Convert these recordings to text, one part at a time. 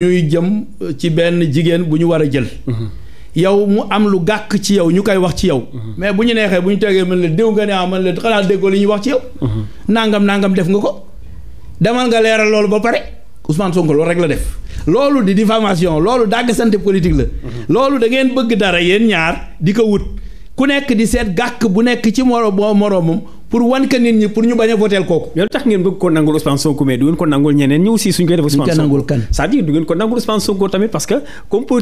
ñuy jëm ci benn jigéen bu ñu war a jël yow mu am lu gàkk ci yow ñu koy wax ci yow mais bu ñu neexee bu ñu tegee mën la déw nga ne ah mën la xanaa déggoo li ñu wax ci yow nangam nangam def nga ko demal nga leeral loolu ba pare Ousmane Sonko loolu rek la def loolu di diffamation loolu dàgg santé politique la loolu da ngeen bëgg dara yéen ñaar di ko wut ku nekk di seet gàkk bu nekk ci moro boo moroomam pour wan ka nit ñi pour ñu bañ a votel kooku. yow tax ngeen bëgg ko nangul Ousmane Sonko mais du ngeen ko nangul ñeneen ñi aussi suñ koy def. Ousmane Sonko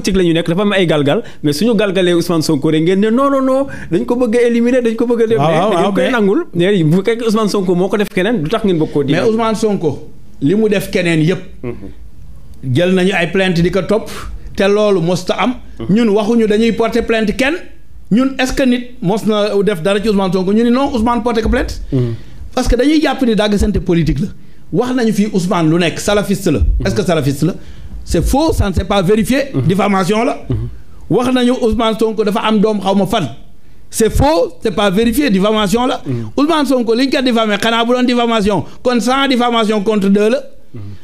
ay galgal mais rek ngeen ne non dañ ko bëgg éliminer dañ ko bëgg def mais da koy nangul. mais bu Sonko di. mais Ousmane li mu def keneen yëpp. jël nañu ay plainte di ko topp te loolu mosta am. Mm-hmm. ñun waxuñu dañuy porter plainte kenn ñun est-ce que nit mos na def dara ci Ousmane Sonko ñu ni non Ousmane porté ko plainte mm-hmm. parce que dañuy jàpp ni dagg sante politique la wax nañu fii Ousmane lu nekk salafiste la mm-hmm. est-ce que salafiste la c'est faux ça ne s'est pas vérifié mm-hmm. diffamation la wax nañu Ousmane dafa am doom xaw ma fan c'est faux c'est pas vérifié diffamation la Ousmane Sonko li ñu ko diffamé xanaa bu doon diffamation kon sans diffamation contre deux la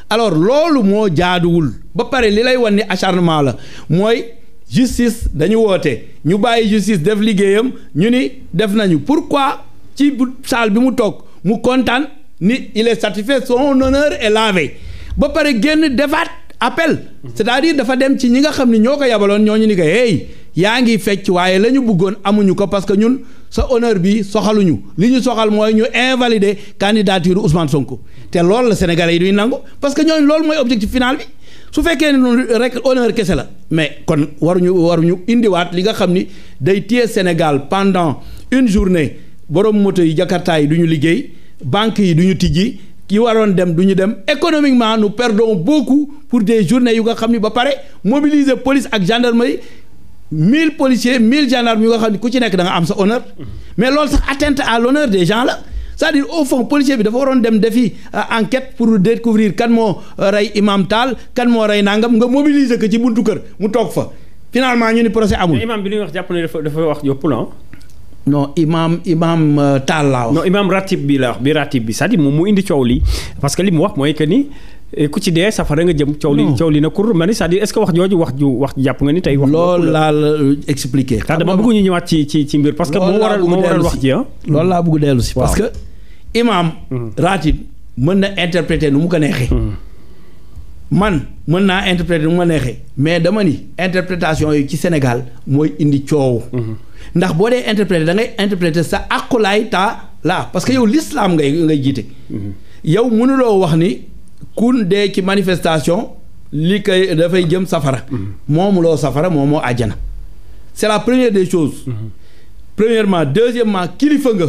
alors loolu moo jaaduwul ba pare li lay wan ni acharnement la mooy justice dañu woote ñu bàyyi justice def liggéeyam ñu ni def nañu pourquoi ci salle bi mu toog mu kontaan ni il est satisfait son honneur e lavé ba pare génn defaat appel c'est-à-dire dafa dem ci ñi nga xam ni ñoo ko yabaloon ñooñu ni ko hey yaa ngi fecc waaye la ñu bëggoon amuñu ko parce que ñun sa honneur bi soxaluñu li ñu soxal mooy ñu invalider candidature Ousmane Sonko te loolu la sénégalais yi duñ nangu parce que ñooñu lool mooy objectif final bi su fekkee ne noonu rek honneur kese la mais kon waruñu waruñu indiwaat li nga xam ni day téye Sénégal pendant une journée borom moto yi jakarta yi du ñu liggéey banques yi du ñu tijji ki waroon dem du ñu dem économiquement nu perdon beaucoup pour des journées yu nga xam ni ba pare mobiliser police ak gendarmerie mille policiers mille gendarmes yu nga xam ni ku ci nekk danga am sa honneur mais loolu sax atteinte à l'honneur des gens la. c'est-à-dire au fond policier bi dafa waroon dem defi euh, enquête pour découvrir kan moo euh, rey imam Tall kan moo rey nangam nga mobiliser ko ci buntu kër mu toog fa finalement ñu ni procès amul. imam bi wax jàpp ne dafa dafa wax yëpp la non imaam imaam euh, Tall laa wax. non imaam ratib bi wax bi ratib bi c'est-à-dire moom mu indi coow li parce que li mu wax mooy que ni eh, ku ci dee nga jëm. coow li coow li na kur ni c'est-à-dire est-ce que wax jooju wax ju wax jàpp nga ni tey. wax loolu laa euh, nga dama bëgg ci ci ci mbir. que moo waral moo waral wax ji laa bëgg dellu si parce que. imaam. raatib mën na interpréter nu mu ko neexee. man mën naa interpréter nu mu ko neexee mais dama ni interprétation yi ci Sénégal mooy indi coow. ndax boo dee interpréter da ngay interpréter sa akulaay ta la parce que yow l'islam ngay ngay jiite. yow mënuloo wax ni ku dee ci manifestation li koy dafay jëm safara. moomuloo safara moomoo àjjana. c'est la première des choses. premièrement deuxièmement kilifa nga.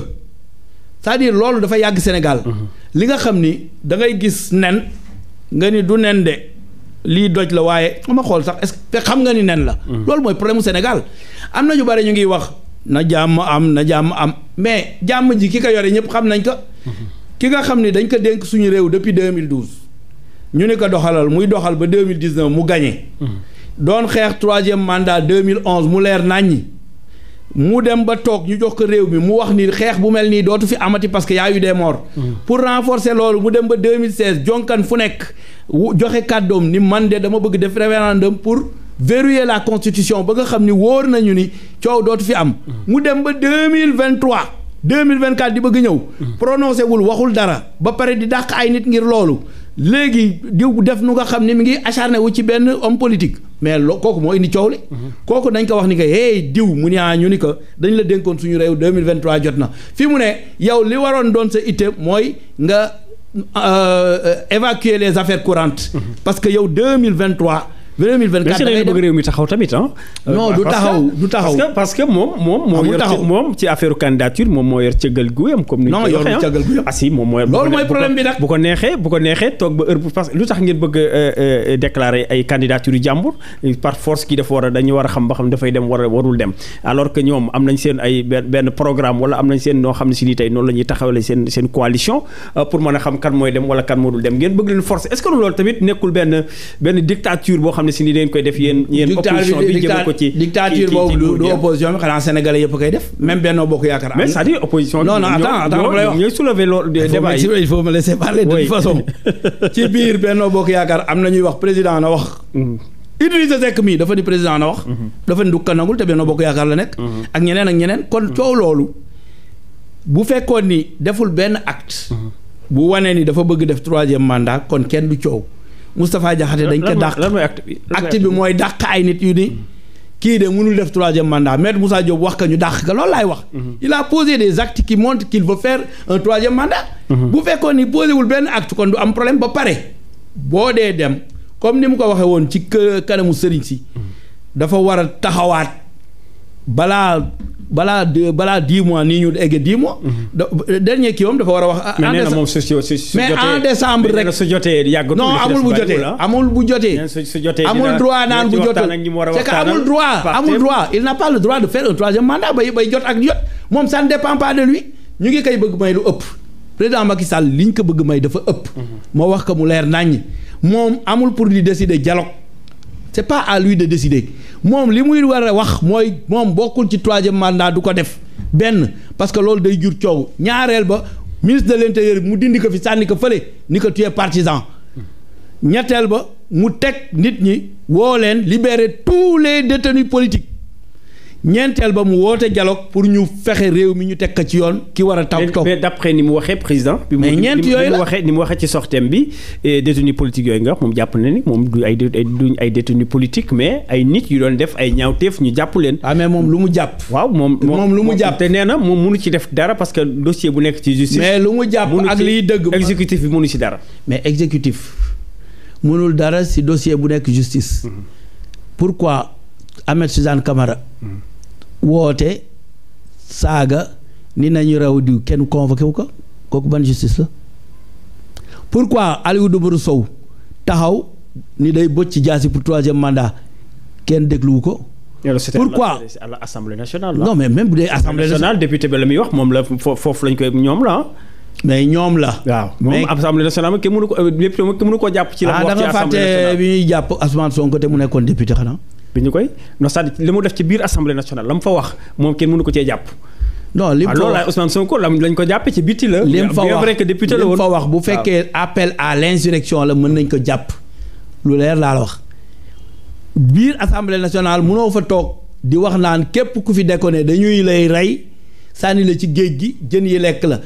cest à loolu dafa yàgg Sénégal. Mhm. li nga xam ni da ngay gis nen nga ni du nen de lii doj la waaye ma xool sax est xam nga ni nen la. Mhm. loolu mooy problème mu Sénégal am na ñu bare ñu ngiy wax na jàmm am na jàmm am mais jàmm ji ki ko yore ñëpp xam nañ ko. Mhm. ki nga xam ni dañ ko dénk suñu réew depuis 2012 ñu ne ko doxalal muy doxal ba 2019 mu gagné. doon xeex troisième mandat 2011 mu leer nàññi mu dem ba toog ñu jox ko réew mi mu wax nii xeex bu mel nii dootu fi amati parce que y a eu des morts. Mm-hmm. pour renforcer loolu mu dem ba 2016 jonkan fu nekk joxe kàddoom ni man de dama bëgg def référendum pour. verrouiller la constitution ba nga xam ni wóor nañu ni coow dootu fi am. Mm-hmm. mu dem ba deux mille vingt trois mille vingt quatre di bëgg ñëw. Mm-hmm. prononcé wul waxul dara. ba pare di dàq ay nit ngir loolu. léegi diw def nu nga xam ne mu ngi acharné wu ci benn homme politique mais loo kooku moo indi coow li mm-hmm. kooku dañ ko wax ni que hey diw mu ne ah, ñu ni que dañ la dénkoon suñu réew 2023 jot na fii mu ne yow li waroon doon sa itte mooy nga euh, euh, évacuer les affaires courantes mm-hmm. parce que yow 2023 2024 da ngay dem bëgg que parce que moom moom. moo yor ci moom ci affaire candidature moom moo yor cëggal gu yam comme ni ñu ah, loolu mooy problème neexee bu ko neexee toog ba heure bu lu tax ngeen bëgg euh, euh, euh, déclarer ay candidature jàmbur par force kii dafa war a dañu war a xam ba xam dafay dem war a warul dem alors que ñoom am nañ seen ay benn programme wala am nañ seen noo xam ne si nii tey noonu la ñuy taxawale seen seen coalition pour mën a xam kan mooy dem wala kan moo dul dem ngeen bëgg leen force est-ce que loolu tamit nekkul benn dictature boo xam xam koy def yéen yéen opposition bi ci dictature boobu yëpp koy def même Benno Bokk Yaakaar mais cest à am na ñuy wax président na wax mhm. Idrissa Seck mii dafa ni président na wax mhm. dafa ni du ko nangul te Benno Bokk Yaakaar la nekk mhm. ak ñeneen ak ñeneen kon coow loolu bu fekkoon ni deful benn acte bu wanee ni dafa bëgg def troisième mandat kon kenn du coow Moustapha Diakhaté dañ ko dàq acte bi mooy dàq ay nit yu ni kii de mënul def troisième mandat maître Moussa Diop wax ka ñu dàq ka loolu wax mhm. il a posé des actes qui montrent qu'il veut faire un troisième mhm. bu fekkoon ni posé wul benn acte kon du am problème ba pare boo dee dem comme ni mu ko waxee woon ci kanamu sëriñ si mhm. dafa war a taxawaat balaa balaa balaa dix mois nii ñu egg dix mhm. dernier kii moom dafa war a wax. mais nee na moom su su mais en décembre rek su jotee yàggatul non ah. amul bu jotee amul bu jotee. amul droit naan bu jotul c'est que amul droit amul droit il n'a pas le droit de faire un troisième mandat bay bay jot ak jot moom ça ne dépend pas ñu ngi koy bëgg may lu ëpp président Macky Sall li ñu ko bëgg may dafa ëpp. Mhm. moo wax ko mu leer naññ moom amul pour di décider dialogue c'est pas à lui de décider. moom li muy war a wax mooy moom bokkul ci troisième mandat du ko def benn parce que loolu day jur coow ñaareel ba ministre de l'intérieur mu dindi ko fi sànni ko fële ni ko tu es ñetteel ba mu teg nit ñi woo leen libérer tous les détenus politiques ñeenteel ba mu woote dialogue pour ñu fexe réew mi ñu teg ko ci yoon ki war a taw toog mais d'après ni mu waxee président bi mu ñeent yooyu la waxee ni mu waxee ci sortem bi détenu politique yooyu nga wax moom jàpp na ni moom du ay duñ ay détenu politique mais ay nit yu doon def ay ñaawteef ñu jàpp leen ah mais moom lu mu jàpp waaw moom moom lu mu jàpp te nee na moom munu ci def dara parce que dossier bu nekk ci justice mais lu mu jàpp ak liy dëgg exécutif bi mënu ci dara mais exécutif mënul dara ci dossier bu nekk justice mm-hmm. pourquoi Ahmed Suzanne Camara mm-hmm. woote saaga ni nañu raw diw kenn convoqué wu ko kooku ban justice la pourquoi Aliou Dembourou Sow taxaw ni day bocc jaasi pour troisième mandat kenn dégluwu ko. pourquoi à l'Assemblée nationale. non mais même bu dee assemblée nationale député bi la muy wax moom la foofu lañ koy ñoom la ah. mais ñoom la. waaw moom assemblée nationale kenn mënu ko euh, député kenn mënu ko jàpp. ci la ah, wax ci assemblée nationale ah da nga fàtte jàpp Ousmane Sonko te mu nekkoon député xanaa. bi ñu koy non cest li mu def ci biir assemblée nationale la mu fa wax moom kenn mënu ko cee jàpp. non li mu ah, fa wax lañ ko jàppee ci biti la. li mu fa wax bu fekkee appel à l'insurrection la mën nañ ko jàpp lu leer laa la wax. biir assemblée nationale mënoo fa toog di wax naan képp ku fi déconné dañuy lay rey sànni la ci géej gi jën yi lekk la.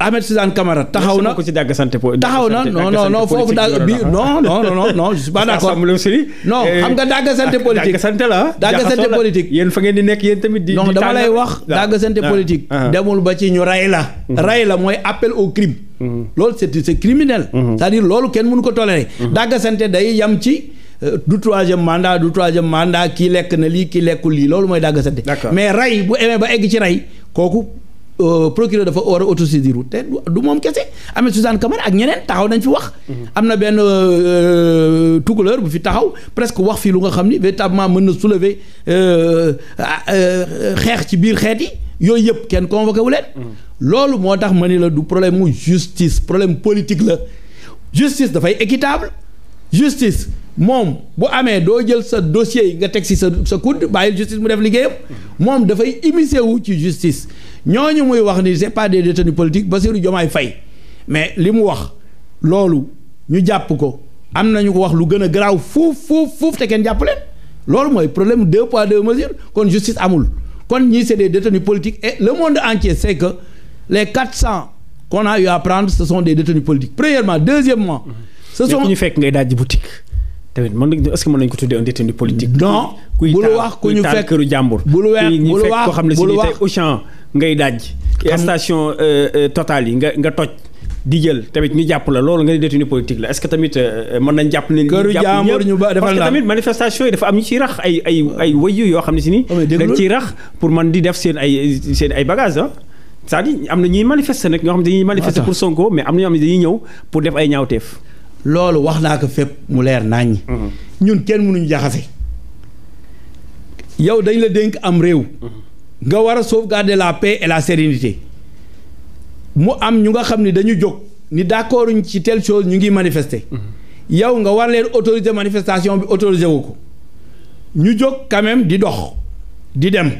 Ahmed Suzanne Camara taxaw na taxaw na non non non foofu daal bi non non non non je suis pas d'accord non eh, xam nga dàggasante politique dàggasante la dàggasante politique yéen fa ngeen di nekk yéen tamit di non dama lay wax dàggasante ah, politique ah. demul ba ci ñu rey la mhm. rey la mooy appel au crime mhm. loolu c'est c'est criminel mhm. c'est-à-dire loolu kenn mënu ko tolérer dàggasante day yam ci euh, du troisième mandat du troisième mandat kii lekk na lii kii lekkul lii loolu mooy dàggasante mais rey bu amee ba egg ci rey kooku Euh, procureur dafa war a autosaisir te du moom kese Ahmed Suzanne Camara ak ñeneen taxaw nañ fi wax. Mhm. am na benn euh, euh, tukuleur bu fi taxaw presque wax fii lu nga xam ni véritablement mën na soulever xeex ci biir xeet yi yooyu yëpp kenn convoqué wu leen. Mhm. loolu moo tax ma ni la du problème mu justice problème politique la justice dafay équitable justice. moom bu amee doo jël sa dossier yi nga teg si sa sa coude bàyyil justice mu def liggéeyam mhm. moom dafay immiscé wu ci justice ñoo ñu muy wax ni c'est pas des détenus politiques Bassirou Diomaye Faye mais li mu wax loolu ñu jàpp ko am nañu ko wax lu gën a garaaw fuuf fuuf fuuf te kenn jàpp leen loolu mooy problème deux poids deux mesures kon justice amul kon ñii c'est des détenus politiques et le monde entier sait que les a eu à prendre ce sont des détenus politiques premièrement deuxièmement mhm. ce sont ñu fekk ngay dajji boutique tamit mën nañu est-ce que mën nañu ko tuddee un détenu politique. non bu jàmbur. bu lu wax xam ne si tey ngay daj. station euh, euh, Total yi nga nga toj. di jël tamit ñu jàpp la loolu nga di détenu politique la est-ce que tamit euh, mën nañ jàpp ne këru jàmbur ñu ba dafa am ñu ciy rax ay ay wëyu yoo xam ne si ni oh, dañ ciy rax pour man di def seen ay seen ay bagages ah cest am na ñuy manifester nag ñoo xam ne dañuy manifester pour Sonko mais am na ñoo xam ne dañuy ñëw pour def ay ñaawteef loolu wax naa ko fépp mu leer nañ mm-hmm. ñun kenn mënuñu jaxase yow dañ la dénk am réew mm-hmm. nga war a sauvegarder la paix et la sérénité mu am ñu nga xam ni dañu jóg ni d'accord uñ ci telle chose ñu ngi manifester mhm. yow nga war leen autoriser manifestation bi autoriser wu ko ñu jóg quand di dox di dem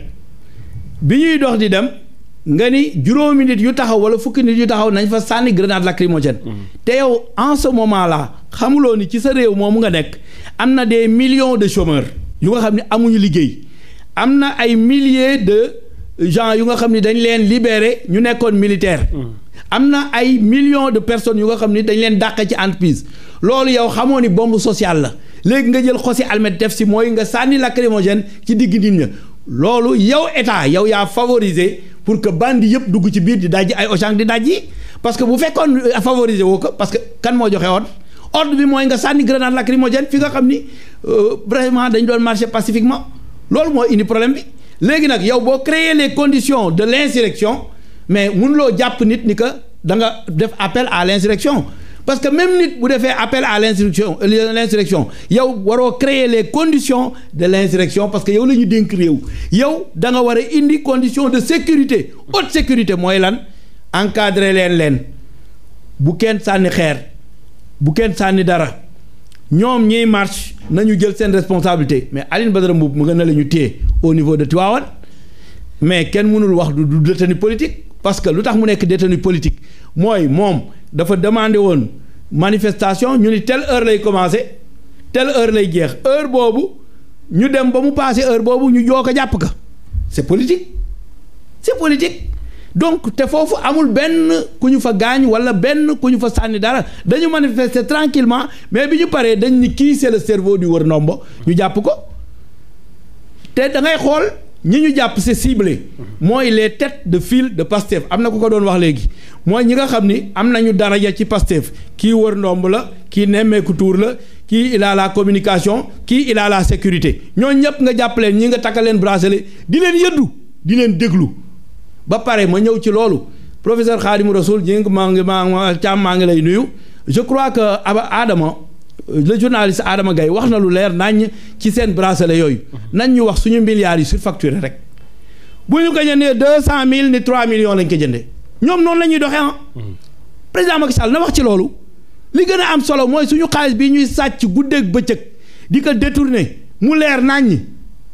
bi ñuy dox di dem nga ni juróomi nit yu taxaw wala fukki nit yu taxaw nañ fa sànni grenade lacrymogène mhm. te yow en ce moment xamuloo ni ci sa réew moomu nga nekk am na des million de chômeurs yu nga xam ne amuñu liggéey am na ay milliers de gens yu nga xam ni dañ leen libéré ñu nekkoon militaire mm. am na ay million de personnes yu nga xam ni dañ leen dàq ci entreprise loolu yow xamoo ni bomb social la léegi nga jël xosi almet def si mooy nga sànni lacrymogène ci digg nit ña loolu yow état yow yaa favoriser pour que bandi yëpp dugg ci biir di dajji ay Auchan di dajji parce que bu fekkoon favoriser woo ko parce que kan moo joxe ordre ordre bi mooy nga sànni grenade lacrymogène fi nga xam ni euh, vraiment dañ doon marché pacifiquement loolu moo indi problème bi léegi nag yow boo créer les conditions de l'insurrection mais mënuloo jàpp nit ni que danga def appel à l'insurrection parce que même nit bu defee appel à l'insurrection l'insurrection yow waroo créer les conditions de l'insurrection parce que yow la ñu dénk réew yow da war a indi condition de sécurité haute sécurité mooy lan encadrer leen leen bu kenn sànni xeer bu kenn sànni dara ñoom ñiy marche nañu jël seen responsabilité mais Aline Badara Mboup mu nga ne la ñu téye au niveau de Tivaouane mais kenn mënul wax du du détenu politique parce que lu tax mu nekk détenu politique mooy moom dafa demandé woon manifestation ñu ni telle heure lay commencé telle heure lay jeex heure boobu ñu dem ba mu passé heure boobu ñu joo ko jàpp ka c'est politique c'est politique donc te foofu amul benn ku ñu fa gaañ wala benn ku ñu fa sànni dara dañu manifester tranquillement mais bi ñu paree dañ ni kii se le cerveau du wër ndombo ñu jàpp ko te da xool ñi ñu jàpp se ciblé mooy les têtes de fille de Pastef am na ku ko doon wax léegi mooy ñi nga xam ni am nañu dara daraja ci Pastef kii wër ndomb la kii nemmeeku tuur la kii il a la communication kii il a la sécurité ñoo ñëpp nga jàpp leen ñi nga takk leen bracelet di leen yëddu di leen déglu ba pare ma ñëw ci loolu professeur Khadim Rasoul jéng maa ngi maa Thiam maa ngi lay nuyu je crois que aba Adama le journaliste Adama Gaye wax na lu leer nàññ ci seen bracelet yooyu nañ ñu wax suñu milliards yi surfacturé rek bu ñu ko jëndee cent mille ni trois millions lañ ko jëndee ñoom noonu la ñuy doxee ah. président Macky Sall na wax ci loolu li gën a am solo mooy suñu xaalis bi ñuy sàcc guddeeg bëccëg di ko détourné mu leer nañ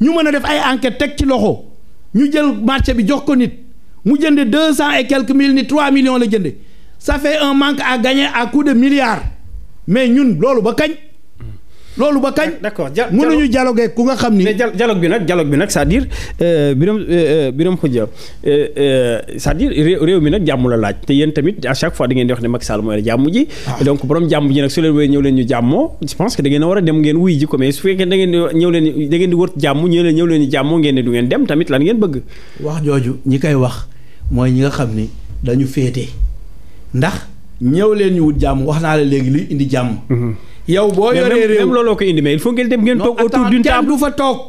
ñu mën a def ay enquête teg ci loxo ñu jël marché bi jox ko nit. mu jënd deux cent et quelques mille ni trois millions la jënde ça fait un manque à gagner à coup de milliards mais ñun loolu ba kañ. loolu ba kañ. d'accord ja mënuñu dialoguer ku nga xam ni. mais dialogue bi nag dialogue bi nag c'est-à-dire euh, Birame euh, euh, Birame Khoudia c'est-à-dire la laaj te yéen tamit à chaque fois ji. Ah. donc borom jàmm ji nag su leen wooyee ñëw ñu jàmmoo je pense que a war a dem ngeen wuy ji ko mais su fekkee da ngeen di ñëw leen da ngeen di wër jàmm ñëw leen ñëw du ngeen dem tamit lan ngeen bëgg. wax jooju ñi koy wax. mooy ñi nga xam ni dañu féete ndax ñëw leen ñu wut jàmm wax naa la léegi luy indi jàmm. Mhm. yow boo yoree réew même looloo ko indi mais il faut ngeen dem ngeen toog autour d'une kenn du fa toog.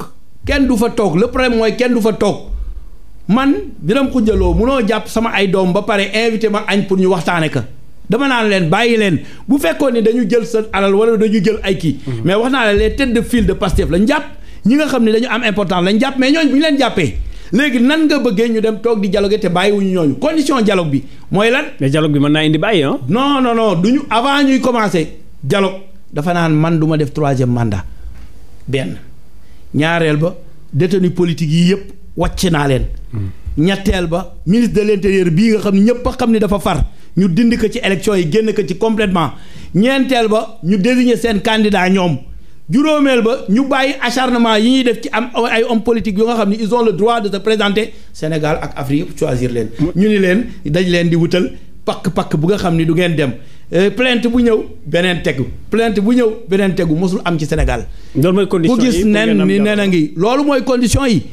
kenn du fa le problème mooy kenn du fa toog man Birame Khoudia Lo munoo jàpp sama ay doom ba pare invité ma añ pour ñu waxtaane ka dama naan leen bàyyi leen bu fekkoon ni dañu jël sa alal wala dañu jël ay kii. Mhm. mais wax naa la les têtes de file de Pastef lañ ñi nga xam ne dañu am importance lañ jàpp mais ñooñu bu ñu leen jàppee. léegi nan nga bëggee ñu dem toog di dialoguer te bàyyiwuñu ñooñu condition dialogue bi mooy lan. mais dialogue bi mën naa indi bàyyi ah. non du ñu avant ñuy commencer dialogue dafa naan man duma def troisième mandat benn ñaareel ba détenu politique yii yëpp wàcc naa leen. Hmm. ñetteel ba ministre de l'intérieur bii nga xam ne ñëpp a xam ne dafa far ñu dindi ko ci élection yi génn ko ci complètement ñeenteel ba ñu désigner seen candidat ñoom. juróomeel ba ñu bàyyi acharnement yi ñuy def ci am ay om politiques yoo nga xam ni ils ont le droit de se présenter Sénégal ak Afrique choisir leen. Mm. ñu ni leen dañ leen di wutal pakk pakk bu nga xam ni du ngeen dem euh, plainte bu ñëw beneen tegu plainte bu ñëw beneen tegu mosul am ci Sénégal. loolu mooy condition yi ku gis nen ni nen a ngi loolu mooy condition yi.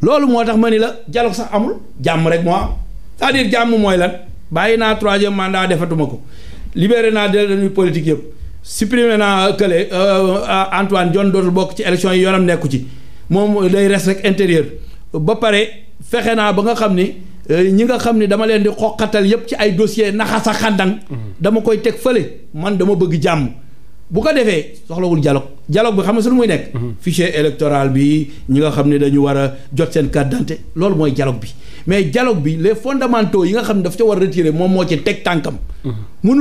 loolu moo tax ma ni la dialogue sax amul jàmm rek moo am cest à jàmm mooy lan bàyyi naa troisième mandat defatuma ko libéré naa détenu politique yëpp. supprimer naa kële euh, Antoine Diome dootul bokk ci élection yi yoonam nekku ci moom day res rek intérieur ba pare fexe naa ba nga xam ni euh, ñi nga xam ni dama leen di xoqatal yépp ci ay dossier naxasa xàndang dama koy teg fële man dama bëgg jàmm bu ko defee soxlawul dialogue dialogue bi xam nga su muy nekk mhm. fichier électoral bi ñi nga xam ne dañu war a jot seen carte d'identité loolu mooy dialogue bi mais dialogue bi les fondamentaux yi nga xam ne daf ca war a retirer moom moo ci teg tànkam mhm.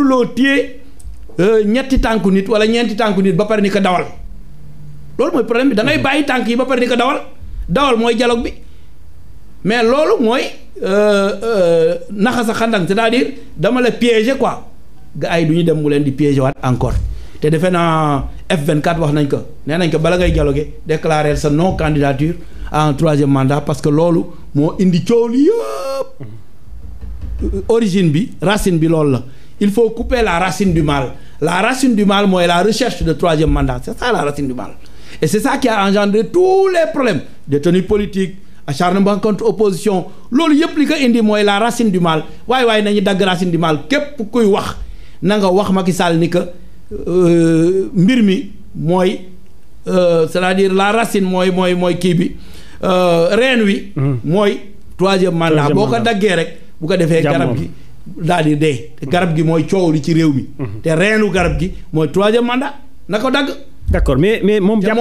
Euh, ñetti tànku nit wala ñeenti tànku nit ba pare ni ko dawal loolu mooy problème bi da mm-hmm. bàyyi tànk yi ba pare ni ko dawal dawal mooy dialogue bi mais loolu mooy euh, euh, naxa sa xandang c'est-à-dire dama la piéger quoi gars yi du ñu dem mu leen di piéger waat encore te defe naa F24 wax nañ ko nee nañ ko bala ngay dialoguer déclarer sa non candidature en un troisième mandat parce que loolu moo indi coow li yëpp mm-hmm. origine bi racine bi loolu la il faut couper la racine du mal la racine du mal mooy la recherche de troisième mandat c'est ça la racine du mal et c'est ça qui a engendré tous les problèmes détenus politiques acharnement contre opposition loolu yëpp li ko indi mooy la racine du mal waaye waaye nañu dagg racine du mal képp kuy wax na nga wax Macky Sall ni que euh, mbir mi mooy euh, c'est-à-dire la racine mooy mooy mooy kii bi euh, reen wi. Hmm. mooy troisième mandat boo ko daggee rek bu ko defee garab gi. daal di dee. garab gi mooy coow li ci réew mi. Mhm. te reenu garab gi mooy troisième mandat na ko dagg. d' accord mais mais moom. jàpp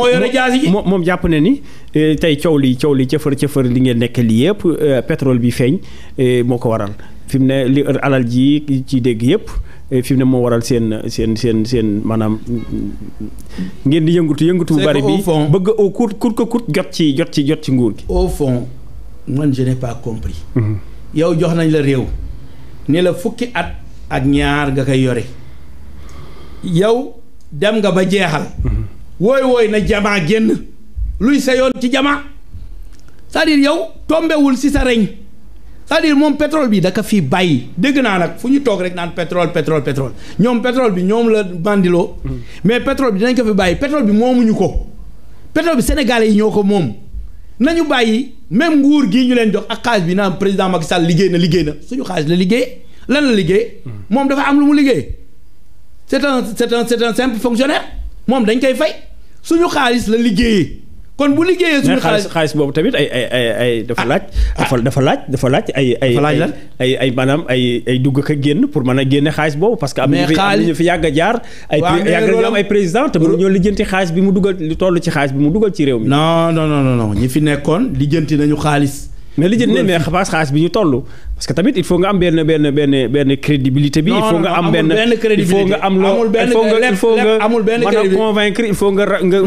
moom moom jàpp na ni. Euh, tey coow li coow li cëfër cëfër li ngeen nekk lii yëpp euh, pétrole bi feeñ euh, moo ko waral fi mu ne li alal ji ci dégg yëpp fi mu ne moo waral seen seen seen seen maanaam ngeen di yëngatu yëngatu. bu bari bi bëgg au court court que court jot ci jot ci jot ci nguur gi. au fond man je n'ai pas mhm. yow jox nañ la réew. ni la fukki at ak ñaar nga koy yore yow dem nga ba jeexal wooy wooy na jamaa génn luy sa ci jamaa cest yow tombewul si sa reñ cest moom pétrole bi da ko fii bàyyi dégg naa nag fu ñu toog rek naan pétrole pétrole pétrole ñoom pétrole bi ñoom la bandiloo mm. mais pétrole bi dinañ ko fi bàyyi pétrole bi moomuñu ko pétrole bi sénégalais yi ñoo ko moom nañu bàyyi même nguur gii ñu leen jox ak xaalis bi naan président Macky Sall liggéey na liggéey na suñu xaalis la liggéey lan la liggéey. Hmm. moom dafa am lu mu liggéey. c'est un c'est un c'est un simple fonctionnaire moom dañ koy fay suñu xaalis la liggéeyee. kon bu liggéeyee suñu xaalis xaalis boobu tamit ay ay ay ay dafa laaj. dafa dafa laaj dafa laaj ay ay. ay ay maanaam ay ay dugg ak génn pour mën a génne xaalis boobu. parce que am nañu fi yàgg a jaar. ay yàgg a am ay président te mënu ñoo lijjanti xaalis bi mu dugal li toll ci xaalis bi mu dugal ci réew mi. non non non non ñi fi nekkoon lijjanti nañu xaalis. mais li jënd ne mais xaalis bi ñu toll parce que tamit il faut nga am benn benn benn benn crédibilité bi. il faut nga am benn il faut nga am loo il faut nga il faut nga mën a convaincre il faut nga nga.